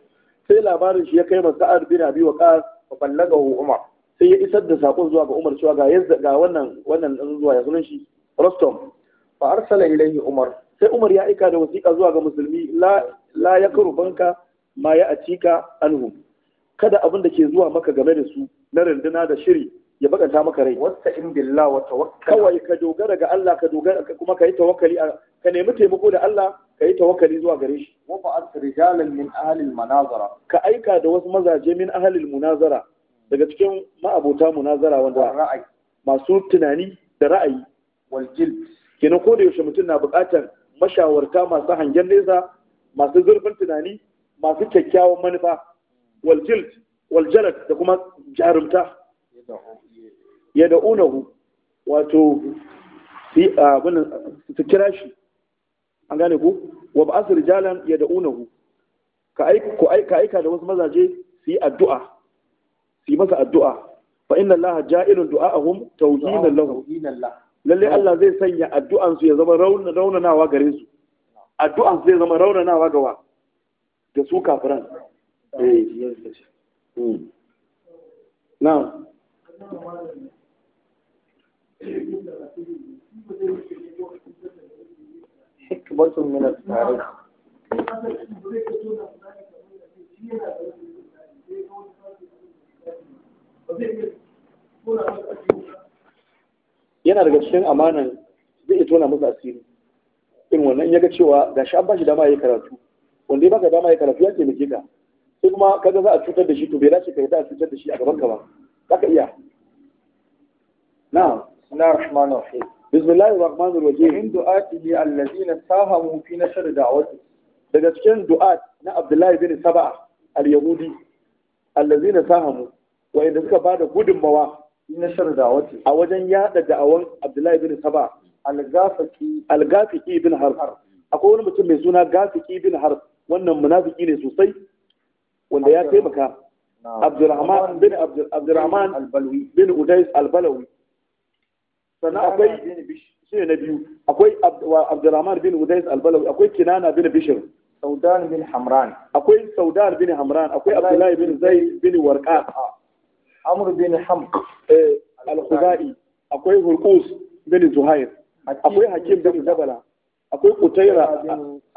sai labarin shi ya kai masa sa'ad bin abi waqas fa wa umar sai ya isar da sakon zuwa ga umar cewa ga wannan wannan zuwa ya sunan shi rostom fa arsala ilayhi umar sai umar ya aika da wasiƙa zuwa ga musulmi la la yakrubanka ma ya cika anhu kada abin da ke zuwa maka game da su na runduna da shiri ya bakanta maka rai wasta in billah wa tawakkal kawai ka dogara ga Allah ka dogara kuma ka yi tawakkali ka nemi taimako da Allah ka yi tawakkali zuwa gare shi wa ba'at rijalan min ahli al ka aika da wasu mazaje min ahli al-munazara daga cikin ma'abota munazara wanda masu tunani da ra'ayi wal jild kenan ko da yaushe mutum na buƙatar mashawarta masu hangen nesa masu zurfin tunani masu kyakkyawan manufa waljild waljalad da kuma jarumta ya unahu wato su kira shi an gane ku wa ba jalan ya unahu ka aika da wasu mazaje su yi addu'a su yi masa addu'a fa inna allaha ja'ilun du'a'ahum tawhinan lahu lalle Allah zai sanya addu'ansu ya zama raunanawa gare su addu'ansu zai zama raunanawa ga wa da su kafiran eh. hmm. yana daga cikin amanan zai iya tona masu asiri in wannan ya ga cewa ga shi an ba shi dama ya karatu wanda baka dama ya karatu ya taimake ka sai kuma kaga za a cutar da shi to bai dace ka yi a cutar da shi a gaban ka ba zaka iya na'am bismillahir rahmanir rahim bismillahir rahmanir rahim in du'atihi allazina sahamu fi nashr da'wati daga cikin du'at na Abdullahi bin Saba'a al-Yahudi allazina sahamu inda suka bada gudunmawa fi nashr da'wati a wajen yada da'awan Abdullahi bin Saba'a al-Ghafiqi al-Ghafiqi bin Harb akwai wani mutum mai suna Ghafiqi bin Harb wannan munafiki ne sosai wanda ya taimaka Abdurrahman bin Abdurrahman bin Udais Albalawi sannan akwai shi na biyu akwai Abdurrahman bin Udais Albalawi akwai Kinana bin Bishir Saudan bin Hamran akwai Saudan bin Hamran akwai Abdullahi bin zai bin warka Amr bin Ham eh, al khudai akwai Hurqus bin Zuhair akwai Hakim bin Zabala akwai Qutaira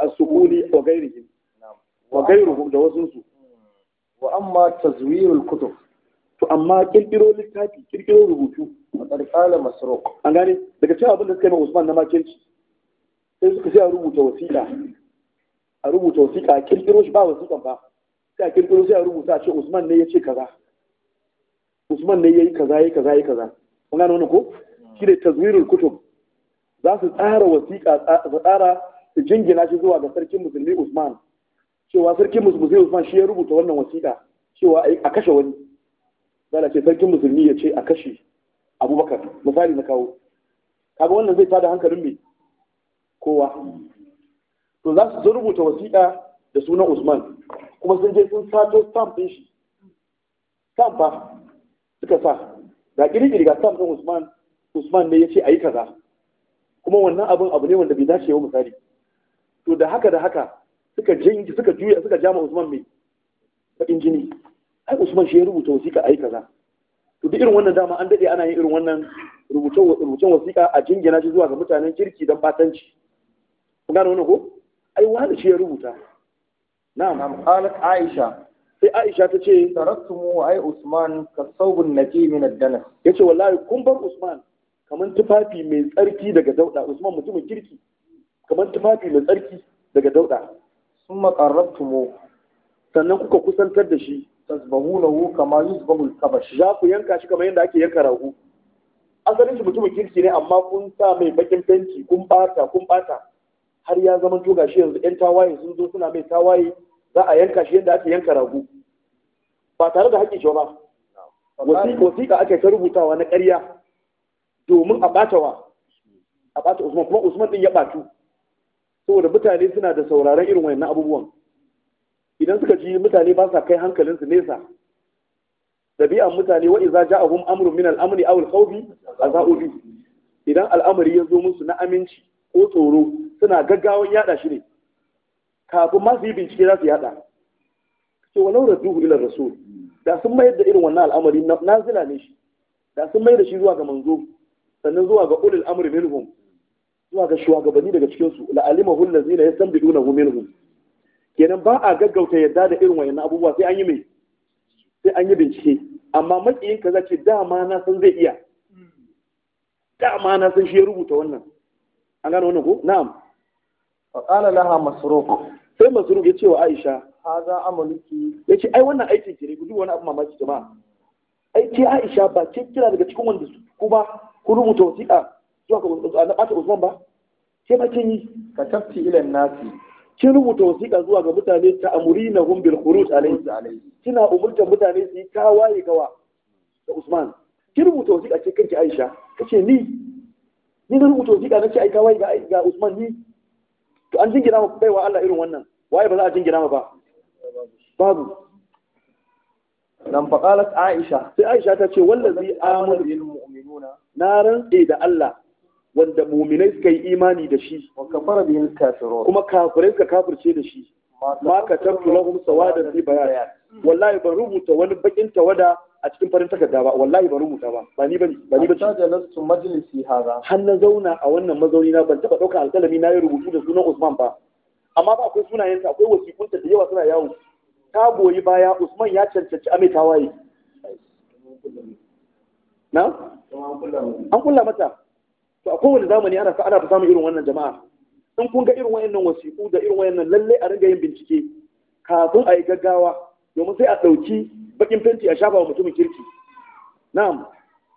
As-Sukuli wa gairihim wa gairuhum da wasu su wa amma tazwirul kutub to amma kirkiro littafi kirkiro rubutu a tsarkala masruq an gane daga cewa abin da suka yi ma Usman na makinci sai suka sai a rubuta wasiƙa a rubuta wasiƙa a kirkiro shi ba wasiƙan ba sai a kirkiro sai a rubuta a ce Usman ne ya ce kaza Usman ne ya yi kaza ya kaza ya kaza kun gane wani ko shi ne tazwirul kutub za su tsara wasiƙa su tsara su jingina shi zuwa ga sarkin musulmi Usman cewa sarkin musulmi Usman shi ya rubuta wannan wasiƙa cewa a kashe wani zala ce sarkin musulmi ya ce a kashe Abubakar misali na kawo kaga wannan zai tada hankalin me kowa to za su rubuta wasiƙa da sunan Usman kuma sun je sun sato stamp din shi stamp fa suka sa da kiri ga stamp ɗin Usman Usman ne ya ce a yi kaza kuma wannan abin abu ne wanda bai dace wa misali to da haka da haka suka jinki suka juya suka jama Usman mai bakin jini ai Usman shi ya rubuta wasiƙa ai kaza to duk irin wannan dama an dade ana yin irin wannan rubutun wasiƙa a jingina shi zuwa ga mutanen kirki don batanci kun gane wannan ko ai wani shi ya rubuta na'am qalat Aisha sai Aisha ta ce tarattumu ai Usman ka saubun naji min ad dana yace wallahi kun bar Usman kamar tufafi mai tsarki daga dauda Usman mutumin kirki kamar tufafi mai tsarki daga dauda sun tumo, sannan kuka kusantar da shi tasbahunahu kama yi yusbahul kabash za ku yanka shi kamar yadda ake yanka ragu? asalin shi mutumin kirki ne amma kun sa mai bakin fenti kun bata kun bata har ya zama to gashi yanzu yan tawaye sun zo suna mai tawaye za a yanka shi yadda ake yanka ragu. ba tare da haƙƙi ba wasiƙa ake ta rubutawa na ƙarya domin a bata wa a bata Usman kuma Usman din ya ɓatu saboda mutane suna da sauraron irin wayannan abubuwan idan suka ji mutane ba sa kai hankalinsu nesa dabi'an mutane wa iza ja'ahum amrun min al-amni aw al-khawfi azau idan al'amari ya zo musu na aminci ko tsoro suna gaggawan yada shi ne kafin ma su yi bincike za su yada ce walau duhu ila rasul da sun mayar da irin wannan al'amari nazila ne shi da sun mayar da shi zuwa ga manzo sannan zuwa ga Ulil amri minhum zuwa ga shugabanni daga cikin su la'alimahu na yastanbidunahu minhum kenan ba a gaggauta yadda da irin wayannan abubuwa sai an yi mai sai an yi bincike amma makiyin ka ce dama na san zai iya dama na san shi ya rubuta wannan an gano wannan ko na'am fa qala laha masruq sai masruq ya ce wa Aisha haza amaluki yace ai wannan aikin ki ne ku duk wani abu mamaki jama'a ai ce Aisha ba ce kira daga cikin wanda ku ba ku rubuta wasiƙa zuwa na ɓata Usman ba ke ma kin yi ka tafti ilan nasi kin rubuta wasiƙa zuwa ga mutane ta amurina hum a laifin alayhi kina umurtar mutane su yi tawaye gawa da Usman kin rubuta wasiƙa ce kanki Aisha Ka ce ni ni na rubuta wasiƙa na ce ai tawaye ga ga Usman ni to an jingina ma baiwa Allah irin wannan waye ba za a jingina ma ba babu nan faƙalat Aisha sai Aisha ta ce wallazi amanu bil mu'minuna na rantsi da Allah wanda muminai suka yi imani da shi kuma kafirai suka kafirce da shi ma ka katabtu lahum sawadan fi bayan wallahi ban rubuta wani bakin tawada a cikin farin takarda ba wallahi ban rubuta ba ba ni bane ba ni bace ta jalastu majlisi hada har na zauna a wannan mazauni na ban taba dauka alkalami na yi rubutu da sunan Usman ba amma ba akwai sunayenta akwai wasikunta da yawa suna yawo ta goyi baya Usman ya cancanci ame tawaye na an kulla mata to a kowane zamani ana ana ta samun irin wannan jama'a in kun ga irin wayannan wasiƙu da irin wayannan lalle a ringa yin bincike kafin a yi gaggawa domin sai a ɗauki bakin fenti a shafa wa mutumin kirki na'am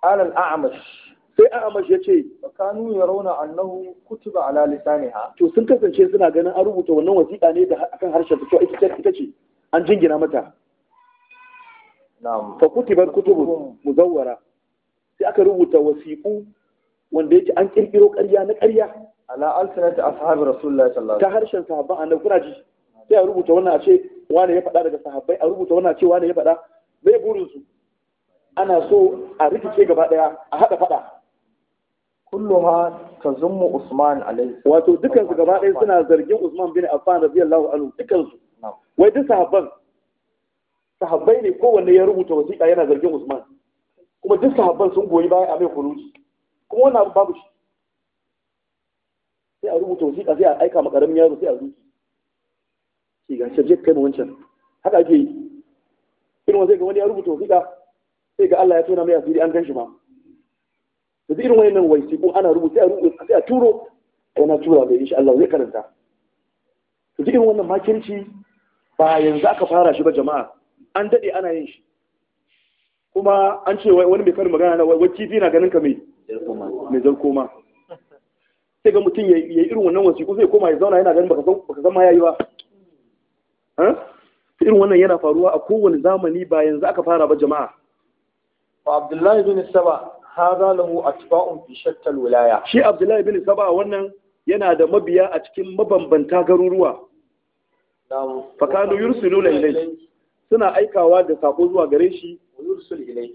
alal a'amash sai a'amash ya ce kanu ya rauna annahu kutuba ala lisaniha to sun kasance suna ganin an rubuta wannan wasiƙa ne da akan harshen ta to ita ce an jingina mata na'am fa kutibar kutubun muzawwara sai aka rubuta wasiƙu wanda yake an kirkiro ƙarya na ƙarya ala alsanat ashabi rasulullahi sallallahu alaihi ta harshen sahabban annabi kuna ji sai a rubuta wannan a ce wani ya faɗa daga sahabbai a rubuta wannan a ce wani ya faɗa bai burin su ana so a rikice gaba daya a haɗa faɗa kulluha tazummu usman alaihi wato dukan su gaba daya suna zargin usman bin affan radiyallahu anhu dukan su wai duk sahabban sahabbai ne kowanne ya rubuta wasiƙa yana zargin usman kuma duk sahabban sun goyi baya a mai kuruji kuma wannan abu babu shi sai a rubuta wasiƙa sai a aika ma ƙaramin yaro sai a rubuta shi ga shi kai mu wancan haka ake yi irin wani ga wani ya rubuta ka, sai ga Allah ya tona mai asiri an gan shi ma yanzu irin wani nan ko ana rubuta a rubuta sai a turo a yana tura mai insha Allah zai karanta yanzu irin wannan makirci ba yanzu aka fara shi ba jama'a an daɗe ana yin shi kuma an ce wani mai karin magana na wai kifi na ganin ka mai mai jan koma sai ga mutum ya yi irin wannan ko zai koma ya zauna yana ganin baka zama ya yi ba eh? irin wannan yana faruwa a kowane zamani ba yanzu aka fara ba jama'a Ba abdullahi bin saba hada a atba'un fi shatta wilaya shi abdullahi bin saba wannan yana da mabiya a cikin mabambanta garuruwa Fakanu kanu Lailai suna aikawa da sako zuwa gare shi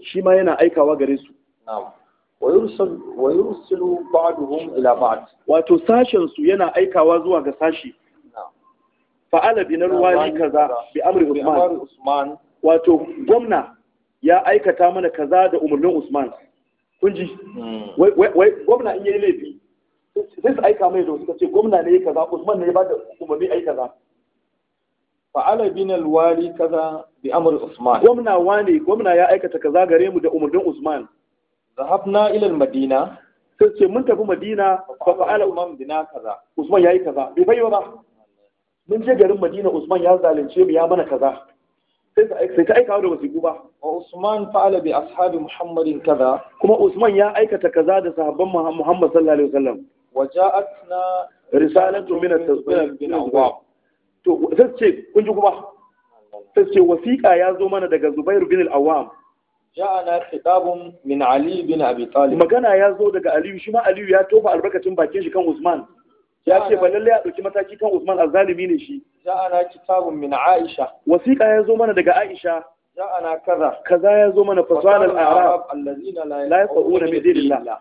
shi ma yana aikawa gare su wa wato sashen su yana aikawa zuwa ga sashi kaza bi usman wato gwamna ya aikata mana kaza da umarnin usman kun ji sai aika mai da wasu kace gwamna ne kaza usman ne ya bada ai kaza bin kaza bi usman gwamna wani gwamna ya aikata kaza gare mu da umarnin usman zahabna ila madina sai ce mun tafi madina fa fa'ala umam bina kaza usman yayi kaza bai bai ba mun je garin madina usman ya zalunce mu ya mana kaza sai ka aika da wasiƙu ba wa usman fa'ala bi ashabi muhammadin kaza kuma usman ya aikata kaza da sahabban muhammad sallallahu alaihi wasallam wa ja'atna risalatu min at-tasbih to sai ce kun ji kuma sai ce wasiƙa ya zo mana daga zubair bin al-awwam ja'ana kitabun min ali bin abi talib magana ya zo daga aliyu shi ma aliyu ya tofa albarkacin bakin shi kan usman ya ce ba lallai ya ɗauki mataki kan usman azzalimi ne shi ja'ana kitabun min aisha wasiƙa ya zo mana daga aisha ja'ana kaza kaza ya zo mana fasalan al-arab allazina la yafquna bi dinillah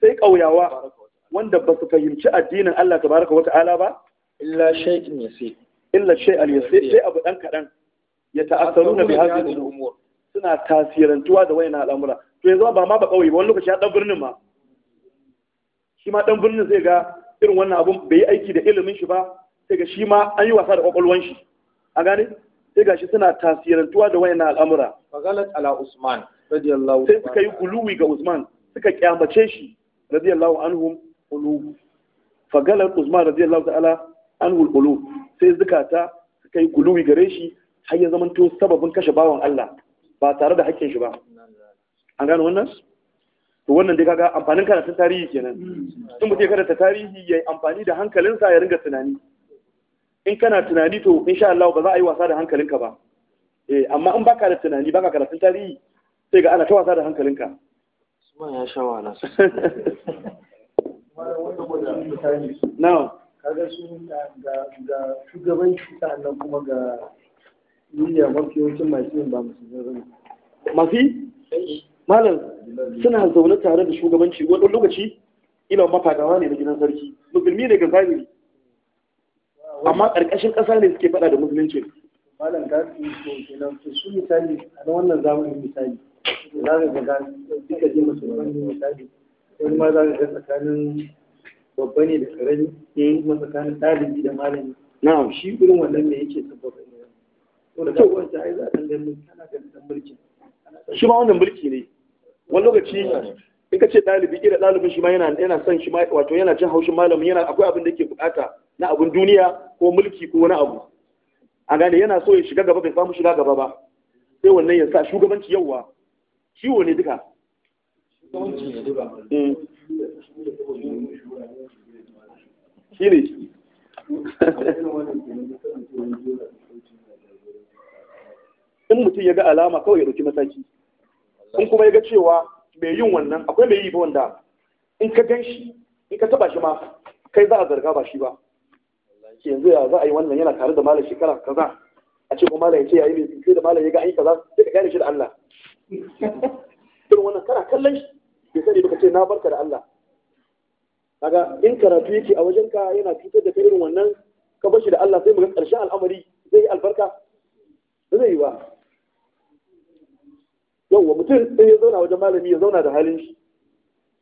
sai kauyawa wanda ba su fahimci addinin Allah tabaraka wata'ala ba illa shay'in yasir illa shay'al yasir sai abu dan kadan ya ta'assaru bi hadhihi al-umur suna tasirantuwa da wayan al'amura to yanzu ba ma ba kauye ba wani lokaci ya dan birnin ma shi ma dan birnin zai ga irin wannan abun bai yi aiki da ilimin shi ba sai ga shi ma an yi wasa da kwakwalwan shi a gane sai shi suna tasirantuwa da wayan al'amura fagalat ala usman radiyallahu sai suka yi guluwi ga usman suka kyamace shi radiyallahu anhum qulub fagalat usman radiyallahu ta'ala anhu qulub sai zukata suka yi guluwi gare shi har ya zama to sababin kashe bawan Allah ba tare da hakkin shi ba an gano wannan to wannan dai kaga amfanin karatun tarihi kenan in mutum ya karanta tarihi ya amfani da hankalinsa ya ringa tunani in kana tunani to insha Allah ba za a yi wasa da hankalinka ba eh amma in baka da tunani baka karatun tarihi sai ga ana ta wasa da hankalinka Usman ya sha wahala now kaga su ga ga shugabanci sannan kuma ga duniya mafi yawancin masu yin ba musulmai mafi malam suna zaune tare da shugabanci wani lokaci ila mafadawa ne da gidan sarki musulmi ne ga zahiri amma ƙarƙashin ƙasa ne suke faɗa da musulunci malam ga su misali a wannan zamanin misali za ka ga duka je musulmi misali wani ma za ka ga tsakanin babba ne da karami eh, kuma tsakanin ɗalibi da malami na'am shi irin wannan me yake sabbaba ne to da kawai ta ai za a dan ganin kana ganin mulkin shi ma wannan mulki ne wani lokaci in ka ce ɗalibi ƙira ɗalibin shi ma yana son shi ma wato yana jin haushin malamin yana akwai abin da yake bukata na abin duniya ko mulki ko wani abu a gane yana so ya shiga gaba bai samu shiga gaba ba sai wannan ya sa shugabanci yauwa ciwo ne duka eh. shi ne in mutum ya ga alama kawai ya ɗauki mataki in kuma ya ga cewa mai yin wannan akwai mai yi ba wanda in ka gan shi in ka taba shi ma kai za a zarga ba shi ba yanzu ya za a yi wannan yana tare da malam shekara kaza a ce ko malam ya ce yayi mai sai da malam ya ga ai kaza sai ka gane shi da Allah irin wannan kana kallon shi bai sani ba ka ce na barka da Allah kaga in karatu yake a wajen ka yana cutar da kai irin wannan ka bar shi da Allah sai mu ga ƙarshen al'amari zai yi albarka ba zai yi ba yauwa mutum sai ya zauna wajen malami ya zauna da halin shi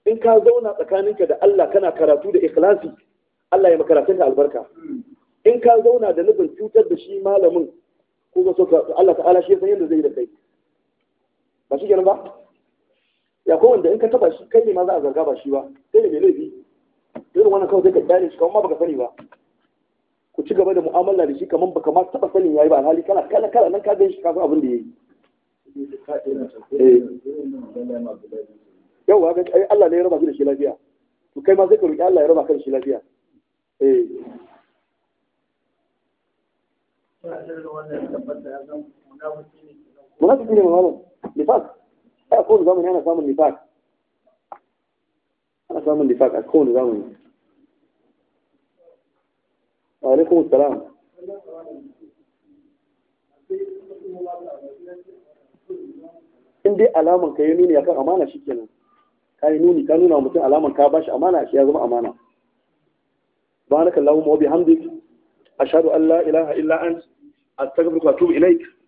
in ka zauna tsakaninka da Allah kana karatu da ikhlasi Allah ya makaratun ka albarka in ka zauna da nufin cutar da shi malamin ko ga so Allah ta'ala shi san yadda zai yi da kai ba shi kenan ba ya ko wanda in ka taba shi kai ne ma za a zarga ba shi ba sai ne mai laifi irin wannan kawai sai ka dane shi kamar ma baka sani ba ku ci gaba da mu'amala da shi kamar baka ma taba sanin yayi ba alhali kana kala kala nan ka gan shi ka abin da yayi yauwa ga ai Allah ne ya raba ka da shi lafiya to kai ma sai ka roki Allah ya raba ka da shi lafiya eh munafiki ne malam nifaq ai a kowane zamani ana samun nifaq ana samun nifaq a kowane zamani wa alaikum assalam in dai alaman ka yi nuni akan amana shi kenan ka yi nuni ka nuna mutum alaman ka bashi amana shi ya zama amana subhanaka allahumma wa hamdik ashhadu an la ilaha illa an astaghfiruka wa atubu ilaik